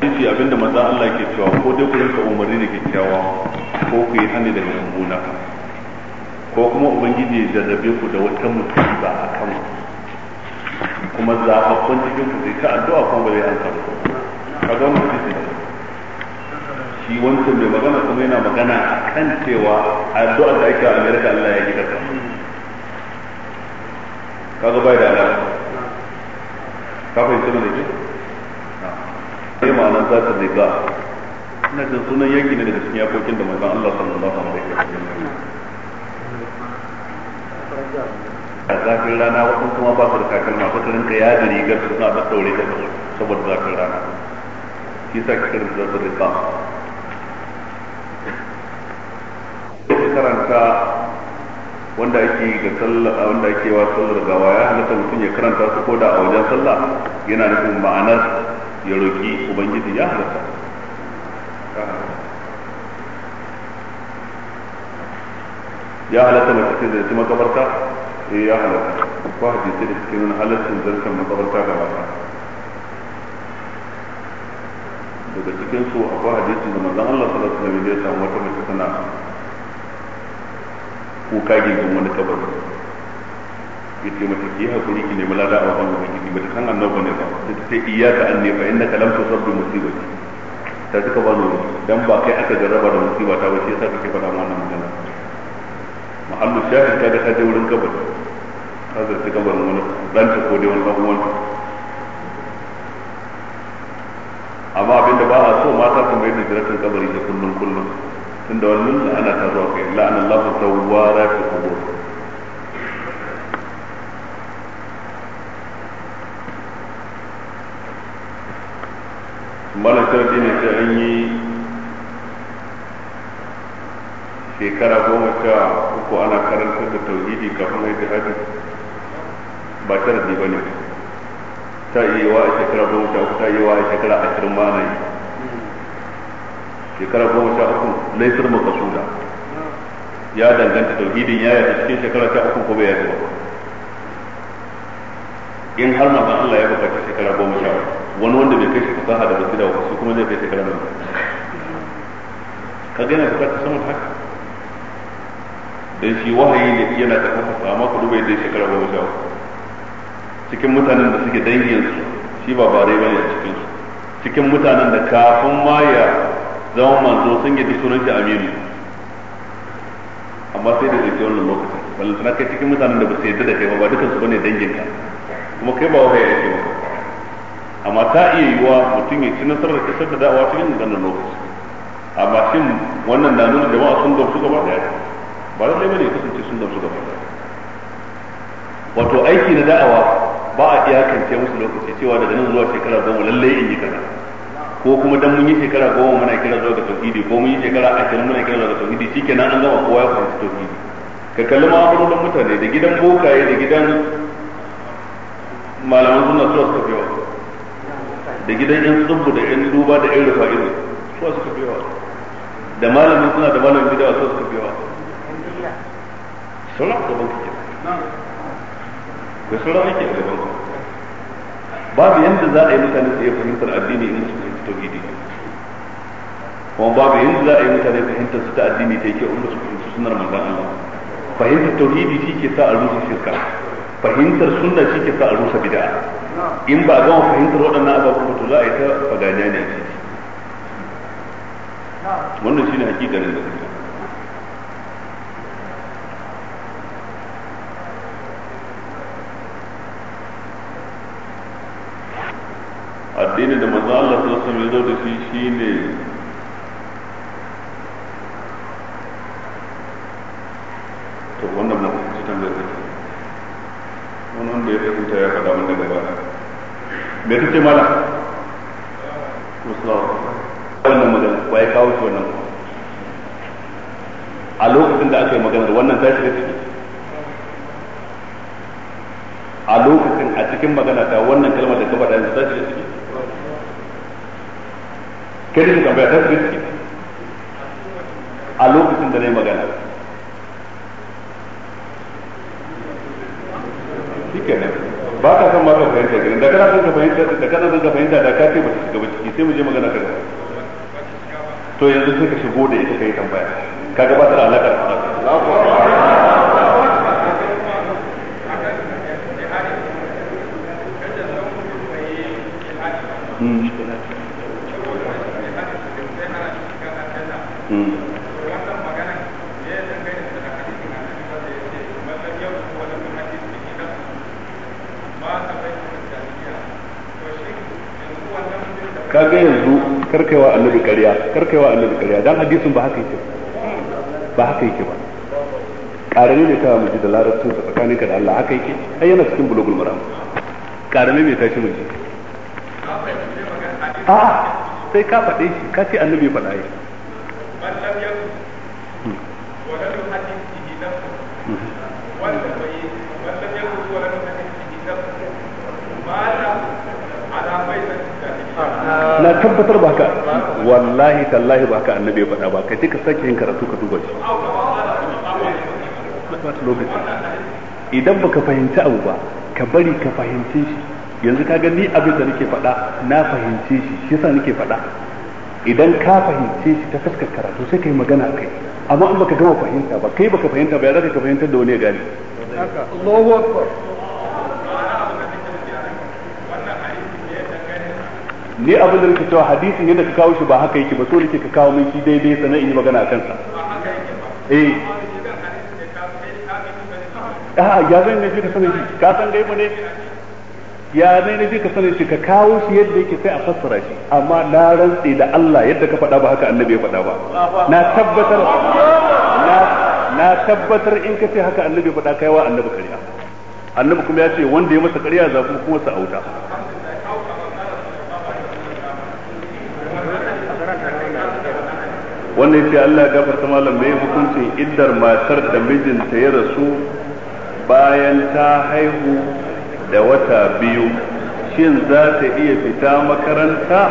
hadisi abinda manzon Allah ke cewa ko dai ku rinka umarni da kyakkyawa ko ku yi hani daga mummuna ko kuma ubangiji ya jarrabe ku da wata musiba a kan kuma zaɓaɓɓun cikin ku zai ta addu'a kuma ba zai an samu ka ga wani hadisi ne shi wancan mai magana kuma yana magana a kan cewa addu'a da ake a Amerika Allah ya gida ka ga bai da alaƙa ka fahimci mana ke sai ma'anar zata da ga ina jin sunan yaki ne daga cikin yakokin da manzon Allah sallallahu alaihi wasallam a zafin rana wasu kuma ba su da takalma ba su rinka yada rigar su suna daddaure da saboda zafin rana shi sa kika da zafin rika karanta wanda ake ga sallah wanda ake wa sallar gawa ya halatta mutum ya karanta su ko da a wajen sallah yana nufin ma'anar ya roƙi ubangiji ya halatta ya halatta mai cikin da ci makabarta eh ya halatta ko hadisi da cikin nuna halattun zarkan makabarta ga mata daga cikin su akwai hadisi da manzon Allah sallallahu alaihi wasallam ya samu wata mace tana kuka gindin wani kabari ya ce mata ki hakuri ki nemi lada a wajen ubangiji ba ta san annabi ne ba sai ta ce iyyaka anni fa innaka lam tusabbi musibati ta duka ba nuri dan ba kai aka jarraba da musiba ta ba sai yasa kake faɗa mana magana mahallu shahid ka da ka je wurin kabar ka zarci kabarin wani danta ko dai wani ɗan uwanta amma abinda ba a so mata su mai da kabari da kullum kullum tunda wannan ana ta zuwa kai la'ana Allah ta wara ta kubur wannan sharadi ne sai an yi shekara goma sha uku ana karanta da tauhidi kafin haifi hajji ba sharadi ba ne ta yi wa a shekara goma sha uku ta yi wa a shekara ashirin ma na yi shekara goma sha uku laisar makasuda ya danganta tauhidin ya yi cikin shekara sha uku ko bai yi ba in har manzon Allah ya bukata shekara goma sha uku wani wanda bai kai fasaha da basira wa su kuma zai kai shekara nan ka gane bukatar sama haka dan shi wahayi ne yana ta kafafa amma ku dubai yadda shekara goma sha cikin mutanen da suke su shi ba bare bane a cikin su cikin mutanen da kafin ma ya zama manzo sun yi sunan shi aminu amma sai da zai wannan lokacin balantana kai cikin mutanen da ba su yadda da kai ba dukansu bane danginka kuma kai ba wahayi ake ba amma ta iya yiwuwa mutum ya ci nasarar isar da da'awa cikin ganin lokaci amma shin wannan na nuna jama'a sun gamsu gaba daya ba da bane ya kasance sun gamsu gaba daya wato aiki na da'awa ba a iya kance musu lokaci cewa daga nan zuwa shekara goma lallai in yi kaza ko kuma dan mun yi shekara goma muna kira zuwa ga tauhidi ko mun yi shekara ashirin muna kira zuwa ga tauhidi shikenan an gama kowa ya fahimci tauhidi ka kalli ma'amalolin mutane da gidan bokaye da gidan malaman suna suna suka fi da gidan yan tsubbu da yan duba da yan rufa ido su suka fi yawa da malamin suna da malamin bid'a su suka biyawa yawa da banka ke da sauran ake da babu yadda za a yi mutane su yi fahimtar addini in su fahimci tauhidi kuma babu yadda za a yi mutane fahimtar su ta addini ta yake in su fahimci sunar manzon Allah fahimtar tauhidi shi ke sa a rusa shirka fahimtar sunna shi ke sa a rusa bid'a in ba a gama fahimtar waɗannan ababen ba to za a yi ta faganya ne wannan shine hakikanin da kuma addini da manzo Allah sallallahu alaihi wasallam ya zo da shi shine to wannan da ya rubuta ya faɗa mun daga baya me kace mala musulma wannan magana wai kawo shi wannan a lokacin da aka yi maganar wannan ta shiga ciki a lokacin a cikin magana ta wannan kalmar da ka faɗa yanzu ta shiga ciki kai da tambaya ta shiga ciki a lokacin da na yi magana ba ka san ma ka fahimta gidan da kana son ka fahimta da kana son ka fahimta da ka ce ba su shiga ba ciki sai mu je magana ka to yanzu sai ka shigo da ita kai tambaya kaga ba ta da alaƙa karkaiwa annabi ƙarya karkaiwa annabi ƙarya dan hadisin ba haka yake ba haka yake ba karami ne ta muji da larabcin sa ka da Allah haka yake ai yana cikin bulugul maram karami ne shi muji a sai ka faɗe shi ka ce annabi faɗa yake na tabbatar ba ka wallahi tallahi ba ka annabi ya faɗa ba kai ka sake yin karatu ka duba shi idan baka fahimci abu ba ka bari ka fahimce shi yanzu ka gani ni abin da nake faɗa na fahimce shi shi yasa nake faɗa idan ka fahimce shi ta fuskar karatu sai kai magana kai amma in baka gama fahimta ba kai baka fahimta ba ya zaka ka fahimtar da wani ya gane ni abin da nake cewa hadisin yadda ka kawo shi ba haka yake ba so nake ka kawo min shi daidai sanan in yi magana akan sa eh a ya zan ne ka sanin shi ka san gaibu ne ya zai ne ka sanin shi ka kawo shi yadda yake sai a fassara shi amma na rantsi da Allah yadda ka faɗa ba haka annabi ya faɗa ba na tabbatar na tabbatar in ka ce haka annabi ya faɗa kaiwa wa annabi kariya annabi kuma ya ce wanda ya masa kariya zafi kuma sa auta wannan yace Allah ya gafarta malam mai hukuncin iddar matar da mijinta ya rasu bayan ta haihu da wata biyu shin za ta iya fita makaranta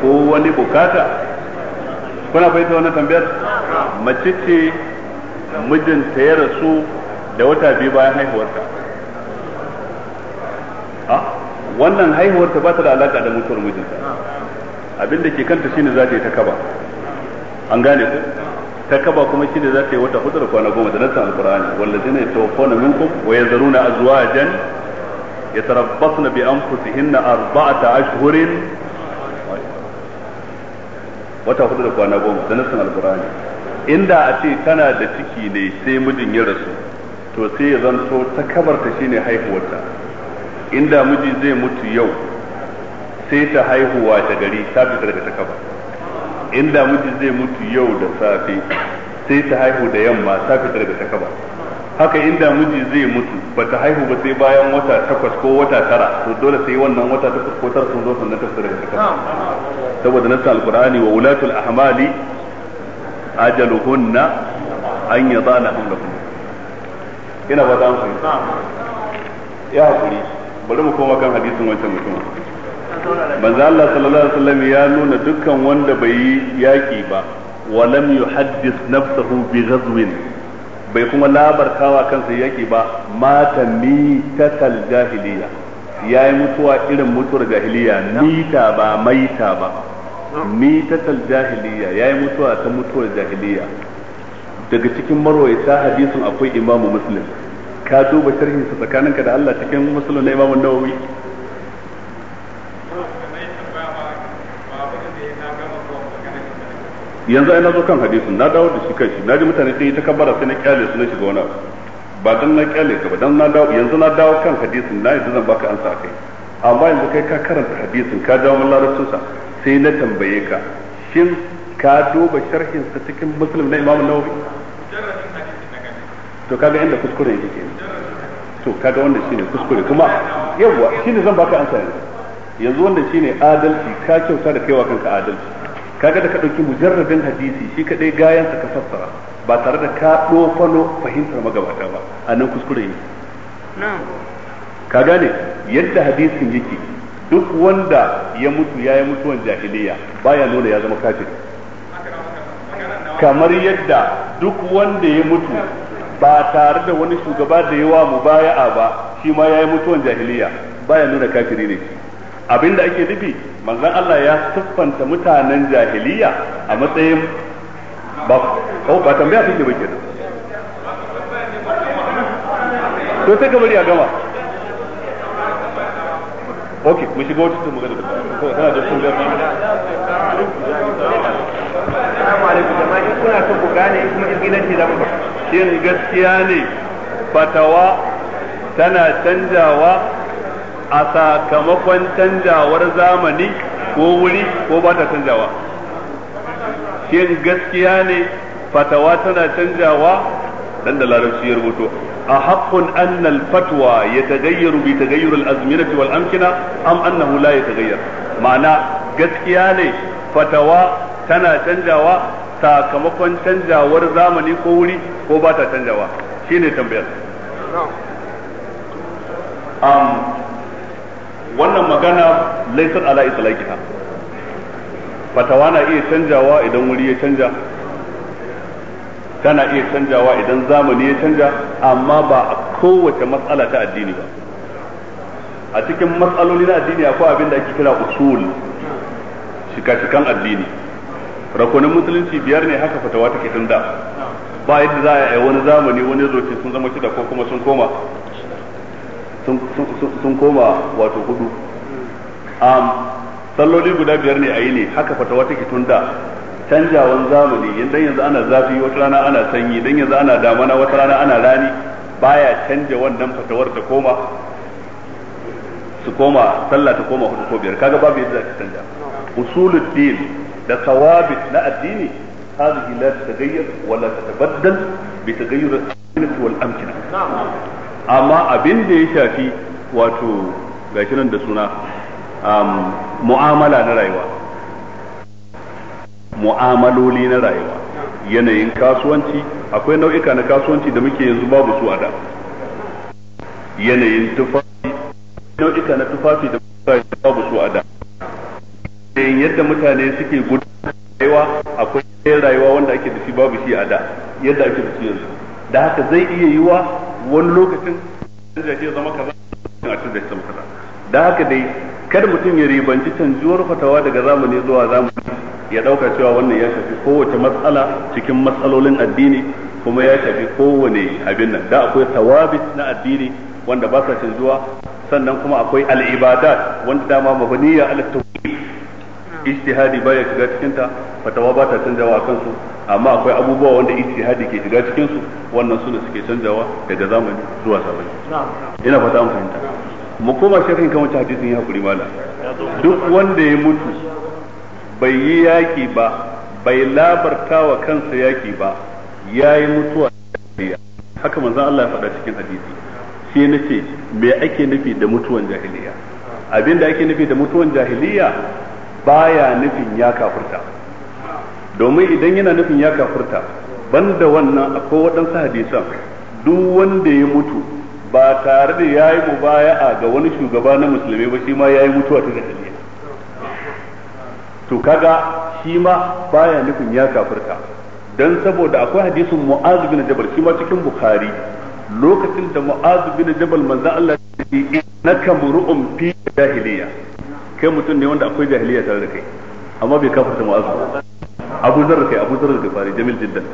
ko wani bukata kuna fahimta wannan tambayar mace ce mijinta ya rasu da wata biyu bayan haihuwarta wannan haihuwarta ba ta da alaka da mutuwar mijinta abin da ke kanta shine za ta yi ta kaba an gane ku ta kaba kuma shi ne za ta yi wata hudu da kwana goma da nassan alkur'ani ta yatawaffawna minkum wa yazaruna azwajan يتربصن بأنفسهن arba'ata ashhurin wata hudu da kwana goma da nassin alkurani inda a ce tana da ciki ne sai mijin ya rasu to sai ya zanto ta ta shine haihuwarta inda miji zai mutu yau sai ta haihuwa ta gari ta fita daga ta kabar inda miji zai mutu yau da safe sai ta haihu da yamma ta daga takaba haka inda miji zai mutu ba ta haihu ba sai bayan wata takwas ko wata tara to dole sai wannan wata takwas ko tara sun zo sannan ta fita daga takaba saboda nasa alqur'ani wa ulatul ahmali ajaluhunna an yadana hamlahun ina ba ta amfani ya hakuri bari mu koma kan hadisin wancan mutumin manzo Allah sallallahu alaihi wasallam ya nuna dukkan wanda bai yi yaki ba wa lam yuhaddis nafsahu bi ghazwin bai kuma labarkawa kansa yaki ba mata mitatal jahiliya ya mutuwa irin mutuwar jahiliya mita ba maita ba mitatal jahiliya yayi yi mutuwa ta mutuwar jahiliya daga cikin marwayata hadisin akwai imamu muslim ka duba sharhin sa tsakaninka da Allah cikin muslim na imamu nawawi yanzu ai na zo kan hadisin na dawo da shi kai na ji mutane sai yi ta kabbara sai na kyale su na shiga wani abu ba dan na kyale ka ba dan na dawo yanzu na dawo kan hadisin na yanzu zan baka ansa kai amma yanzu kai ka karanta hadisin ka dawo mun larabcin sa sai na tambaye ka shin ka duba sharhin sa cikin muslim na imamu nawawi to kaga inda kuskure yake kenan to kaga wanda shine kuskure kuma yawa shine zan baka ansa yanzu yanzu wannan shine adalci ka kyauta da kaiwa kanka adalci kaga da ka ɗauki mujarrabin hadisi shi kaɗai gayan ka fassara ba tare da ka ɗofano fahimtar magabata ba a nan kuskure ne ka gane yadda hadisin yake duk wanda ya mutu ya yi mutuwan jahiliya baya nuna ya zama kafiri kamar yadda duk wanda ya mutu ba tare da wani shugaba da yawa mubaya'a ba shi ma ya yi mutuwan jahiliya baya nuna kafiri ne abinda ake nufi manzon Allah ya siffanta mutanen jahiliya a matsayin ba ko ba tambaya take ba kenan to sai ka bari a gama Okay, mu shiga wata tun magana ko kana da tunga ba assalamu alaikum jama'a in kuna son ku gane kuma izgilanci da muka shin gaskiya ne fatawa tana canjawa a sakamakon canjawar zamani ko wuri ko ba ta canjawa shin gaskiya ne fatawa tana canjawa dan da larabci ya rubuto a haqqun anna al fatwa yataghayyaru bi taghayyur al azminati wal amkina am annahu la yataghayyar ma'ana gaskiya ne fatawa tana canjawa sakamakon canjawar zamani ko wuri ko ba ta canjawa shine tambayar wannan magana laisar ala islaqiha fatawa na iya canjawa idan wuri ya canja tana iya canjawa idan zamani ya canja amma ba a kowace matsala ta addini ba a cikin matsaloli na addini akwai abin da ake kira usul shika-shikan addini rakunin musulunci biyar ne haka fatawa take tunda ba yadda za a yi wani zamani wani zoce sun zama shida ko kuma sun koma sun koma wato hudu salloli guda biyar ne a yi ne haka fatawa ke tun da canjawan zamani idan yanzu ana zafi wata rana ana sanyi idan yanzu ana damana wata rana ana rani baya canja wannan fatawar ta koma su koma sallah ta koma hudu ko biyar kaga babu yadda ta canja usuluddin da thawabit na addini hadhihi la tataghayyar wala la tatabaddal bi tagayyur al amkina amma abin da ya shafi wato gashi nan da suna um, mu'amala na rayuwa mu'amaloli na rayuwa yanayin kasuwanci akwai nau'ika na kasuwanci da muke yanzu babu su a da yanayin tufafi nau'ika na tufafi da muke babu su a da yanayin yadda mutane suke gudanar rayuwa akwai rayuwa wanda ake da shi babu shi a da yadda ake da shi yanzu da haka zai iya yiwa wani lokacin canja shi zama kaza a canza shi zama kaza da haka dai kada mutum ya ribanci canjuwar fatawa daga zamani zuwa zamani ya dauka cewa wannan ya shafi kowace matsala cikin matsalolin addini kuma ya shafi kowane abin nan da akwai tawabit na addini wanda ba sa canjuwa sannan kuma akwai al'ibadat wanda dama mabaniya ala tawhid ijtihadi baya shiga cikin ta fatawa ba ta canjawa a kansu amma akwai abubuwa wanda ijtihadi ke shiga cikin su wannan su ne suke canjawa daga zamani zuwa zamani ina fata an fahimta mu koma shirin kan wancan hadisin ya hakuri mala duk wanda ya mutu bai yi yaki ba bai labarta wa kansa yaki ba ya yi mutuwa haka manzon Allah ya faɗa cikin hadisi na ce me ake nufi da mutuwan jahiliya abinda ake nufi da mutuwan jahiliya baya nufin ya kafirta domin idan yana nufin ya ban banda wannan akwai waɗansu hadisan duk wanda ya mutu ba tare da ya yi mubaya'a ga wani shugaba na musulmi ba shi ma ya yi mutuwa ta jahiliya to kaga shi ma baya nufin ya kafurta. dan saboda akwai hadisin mu'az bin jabal shi ma cikin bukhari lokacin da mu'az bin jabal manzo Allah ya ce innaka mur'um fi jahiliya kai mutum ne wanda akwai jahiliya tare da kai amma bai kafurta mu'az abu zarar kai abu zarar gafari jamil jiddan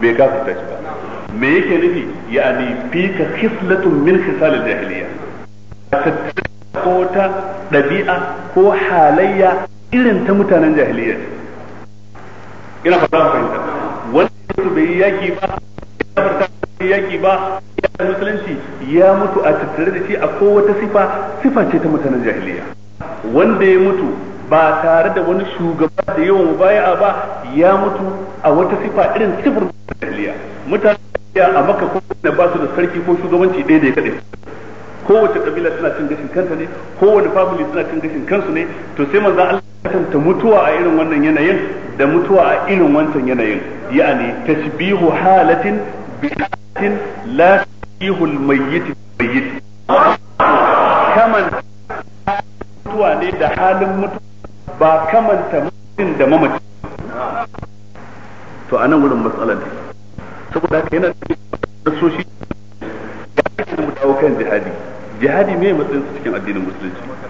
bai kafirta shi ba me yake nufi yani fi ka kislatun min khisalil jahiliya ko ta ɗabi'a ko halayya irin ta mutanen jahiliya ina fara fahimta Wannan su bai yaki ba ya yaki ba ya musulunci ya mutu a tattare da shi a kowace sifa sifa ce ta mutanen jahiliya wanda ya mutu ba tare da wani shugaba da yawan baya ba ya mutu a wata sifa irin sifar jahiliya mutane a maka ko da ba su da sarki ko shugabanci ɗaya da ya kaɗai kowace kabila suna cin gashin kanta ne kowane family suna cin gashin kansu ne to sai manzo Allah ta mutuwa a irin wannan yanayin da mutuwa a irin wancan yanayin yani tashbihu halatin bi halatin la tashbihu almayyit bi mayyit kaman mutuwa ne da halin mutuwa ba kamanta mutum da mamaci to a nan wurin matsalar ne saboda haka yana da soshi ga aikin da dawo kan jihadi jihadi me matsayin su cikin addinin musulunci